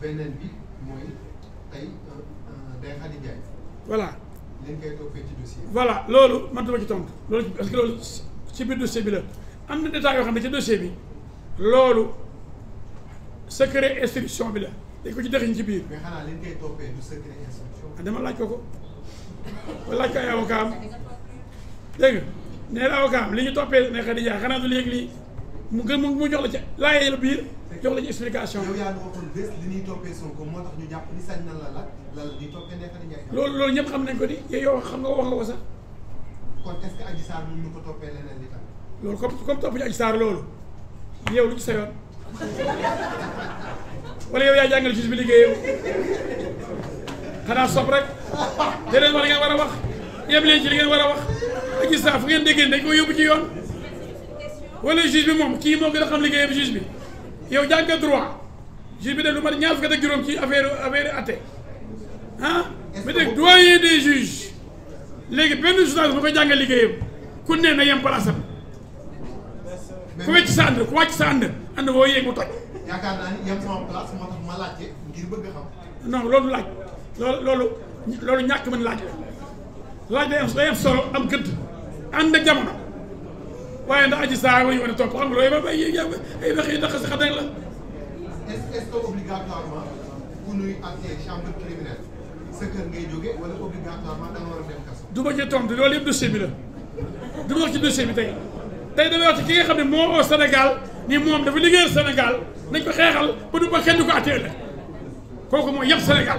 beneen bi mooy tey euh, euh, day Xadi voilà leen koy toppee ci dossier voilà loolu man dama ci tontu loolu parce que ci biir dossier la am na détails yoo xam ne ci dossier bi loolu secret instruction bi la dañ ko ci dexiñ ci biir. mais xanaa leen koy toppee du secret instruction. Ah, laaj ko ko wala laaj ko ay avocat am dégg li ñu toppee ne Xadi Njaay xanaa du léegi lii. mu gën jox la ca laajee la biir jox la ci explication. yaa ngi waxoon bés li ñuy toppee moo ñu jàpp sañ na la la la loolu loolu ñëpp xam nañ ko ni yow xam nga wax nga ko sax. kon est ce que Adji Sarr ko toppee leneen li tam. loolu comme comme topp ñu Adji Sarr loolu yow lu ci sa yoon wala yow yaa jàngale juge bi liggéeyam xanaa sob rek déedéet wala ngeen war a wax yem leen ci li ngeen war a wax Adji Sarr fu ngeen déggee dañ ko yóbbu ci yoon. wala juge bi moom kii moo gën a xam liggéeyam juge bi yow jàng nga droit juge bi def lu mat ñaar fukk ak juróom ci affaire affaire atte ah ba dégg doyen des juges léegi benn journaliste bu ko jàngal liggéeyam ku ne na yem palaasam ku wecc sa ànd ku wàcc sa ànd ànd woo yéeg mu toj yaakaar naa ni yem sama place non loolu laaj loolu loolu ñàkk mën laaj la laaj day am day am solo am gëdd ànd ak jamono waaye ndax aji saar la ñu mën a topp nga loolu ba ay ay wax yi ndax si xateeg la. est est-ce du ma ci tontu loolu yëpp dossier bi la du ma wax ci dossier bi tey tey damay wax ci ki nga xam ne moo oo Sénégal ni moom dafa liggéey Sénégal nañ ko xeexal ba du ba kenn du ko àttee kooku mooy yëpp Sénégal.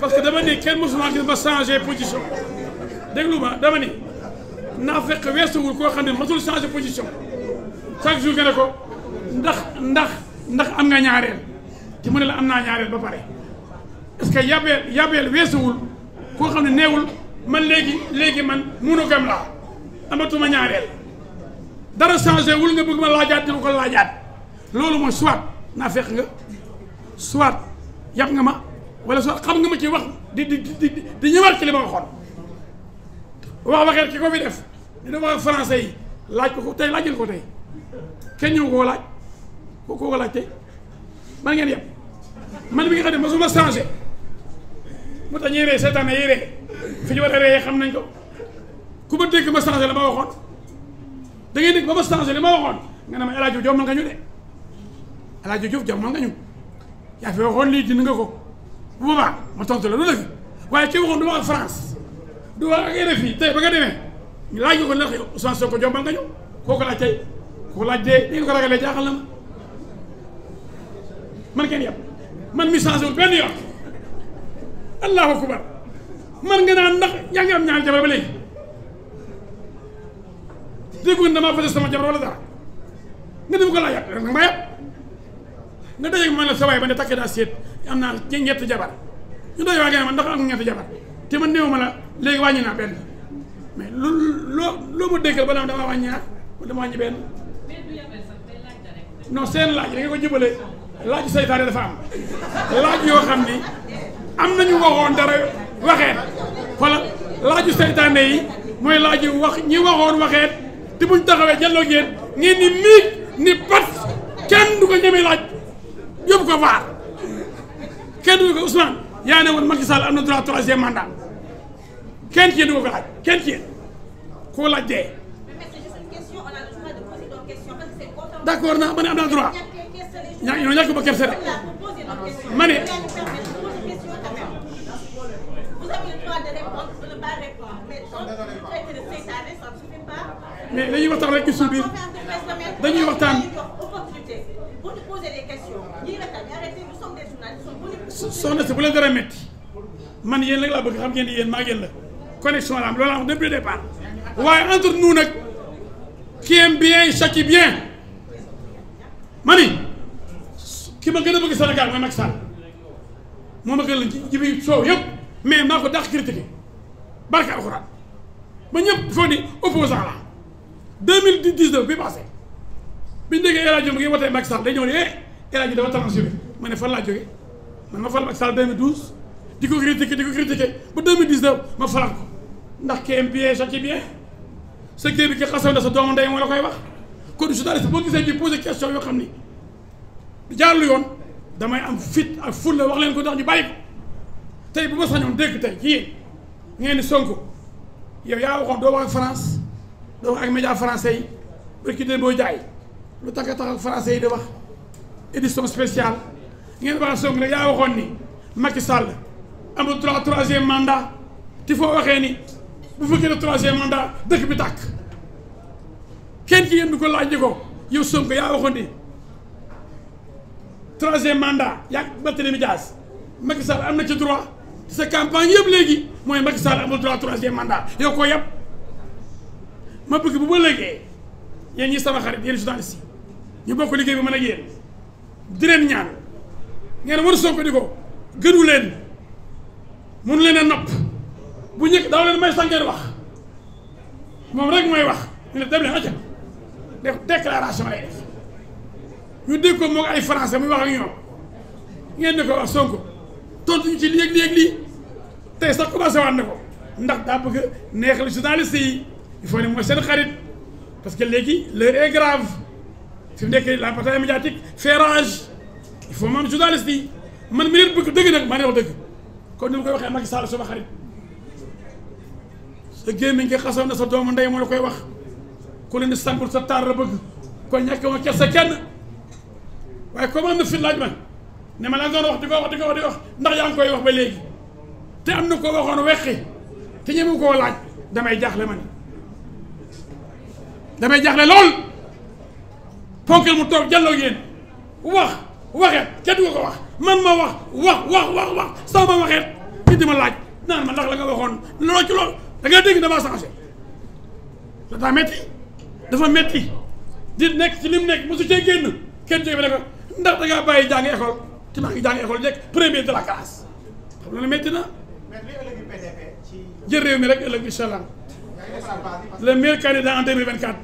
parce que dama ni kenn mosuma gis ma changé position déglu ma dama ni naa fekk weesuwul koo xam ne masul changé position chaque jour nga ko ndax ndax ndax am nga ñaareel ci mu ne la am naa ñaareel ba pare parce que yabeel yabeel weesuwul koo xam ne neewul man léegi léegi man monogame laa amatuma ñaareel dara changé wul nga bëgg ma laajaat dina ko laajaat loolu mooy soit naa fekk nga soit yab nga ma wala soo xam nga ma ci wax di di di di ñëwaat ci li ma waxoon wax waxee ki ko fi def dina wax français yi laaj ko ko tey laajal ko tey kenn ñëw koo laaj koo ko laaj tey man ngeen yem man bi nga xam ne mosuma changé mu tax ñuy ree seetaan yi ree fi ñu war a ree xam nañ ko ku ma dégg ma changé la ma waxoon da ngay ba ma changé li ma waxoon nga ne may El Hadj Diouf jommal nga ñu de El Hadj Diouf jommal nga ñu yaa fi waxoon lii dindi nga ko. bu boobaa ma tontu la lu la fi waaye ci waxoon du wax ak France du wax ak RFI tey ba nga demee laaj nga ko ndax Ousmane Sonko jombal nga ñu koo ko laaj tey ko laaj dee ni nga ko ragalee jaaxal na ma man kenn yàpp man mi changé wul benn nga naan ndax ko laajaat rek ma yàpp la sa waay daa seet am naa ñetti jabar ñu doy a ma la léegi wàññi naa benn mais lu loo loo ma déggal ba dama wàññi ñaar am laaj yoo xam ni am nañu waxoon dara waxeet xoolal laaju seytaane taxawee jàlloo ngeen ngeen ni miig ni pat kenn du ko ñemee laaj yóbbu ko vaar kenn du ko Ousmane yaa ne woon Macky Sall am na droit troisième mandat kenn ci yéen du ko ko laaj dee. d' accord naa am naa droit ña ñoo ñàkk ba kerse rek waxtaan rek ci suuf biir dañuy waxtaan. soxna si bu leen dara metti man yéen nag laa bëgg xam ngeen ni yéen maa ngeen la connexion la am loolu am depuis le départ waaye entre nous nag qui aime bien châtie bien ma ni ki ma gën a bëgg Sénégal mooy Macky Sall moom a gën la jibi soow yëpp mais maa ko dàq critiqué barke alxuraan ba ñëpp foog ni opposant la deux mille dix-neuf bi passé biñu déggee El Hadj Diouf ngi watee Macky Sall day ñëw ne eh El Hadj dafa transhumé ma ne fan laa jógee man ma fal Macky Sall 2012 di ko critiquer di ko critiquer ba 2019 ma falaat ko ndax ki aime bien châtie bien sa kii bi ki xasaw na sa doomu ndey moo la koy wax kon journaliste boo gisee ñu posé question yoo xam ni jaarlu yoon damay am fit ak fulla wax leen ko ndax ñu bàyyi ko tey bu ma sañoon dégg tey yéen ngeen ni Sonko yow yaa waxoon doo wax ak France doo wax ak média français yi barki dén boo jaay lu tax a tax ak français yi di wax ngeen wax soog ne yaa waxoon ni Macky Sall amul trois troisième mandat ti foo waxee ni bu fekkee ne troisième mandat dëkk bi tàkk kenn ci yéen du ko laaj ni ko yow Sonko yaa waxoon ni troisième mandat yaa Barthélémy Dias Macky Sall am na ci droit sa campagne yëpp léegi mooy Macky Sall amul droit troisième mandat yow ko yëpp bu léegi yéen ñi sama xarit yéen journaliste yi ñu bokk liggéey bi mën ak yéen di ñaan ngeen war a Sonko di ko gënu leen mënu leen a nopp bu njëkk daaw leen may sangeen wax moom rek mooy wax ñu ne dem leen acca def déclaration lay def ñu dégg ko moog ay français muy wax ak ñoom ngeen ne ko wax Sonko tontu ci lii ak lii ak lii tey sax commencé waat na ko ndax daa bëgg neexal journaliste yi il faut ne mooy seen xarit parce que léegi l'heure est grave fi mu nekk la bataille médiatique fait rage il faut maam journaliste yi man mi leen bëgg dëgg nag maa ne wax dëgg kon ni mu koy waxee Macky Sall sama xarit sa gémmiñ nga xasoon na sa doomu ndey moo la koy wax ku leen di sàmpul sa taar la bëgg kon ñàkk ma kersa kenn waaye comme am na fit laaj ma ne ma la doon wax di ko wax di wax di wax ndax yaa ngi koy wax ba léegi te am na koo waxoon weqi te ñemu koo laaj damay jaaxle man damay jaaxle lool ponkal mu toog jàlloo yéen wax waxeet kenn du ko wax man ma wax wax wax wax wax sama ma waxeet nit di ma laaj naan ma ndax la nga waxoon looloo ci loolu da nga dégg damaa changé dafa metti dafa metti di nekk ci li mu nekk mosu cee génn kenn jóge ba ne ko ndax da ngaa bàyyi jàng école te maa ngi jàng école nekk premier de la classe xam nga ne metti na. jël réew mi rek ëllëg incha allah le meilleur candidat en 2024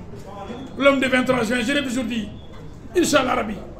l'homme de 23 juin je l'ai toujours dit incha allah rabbi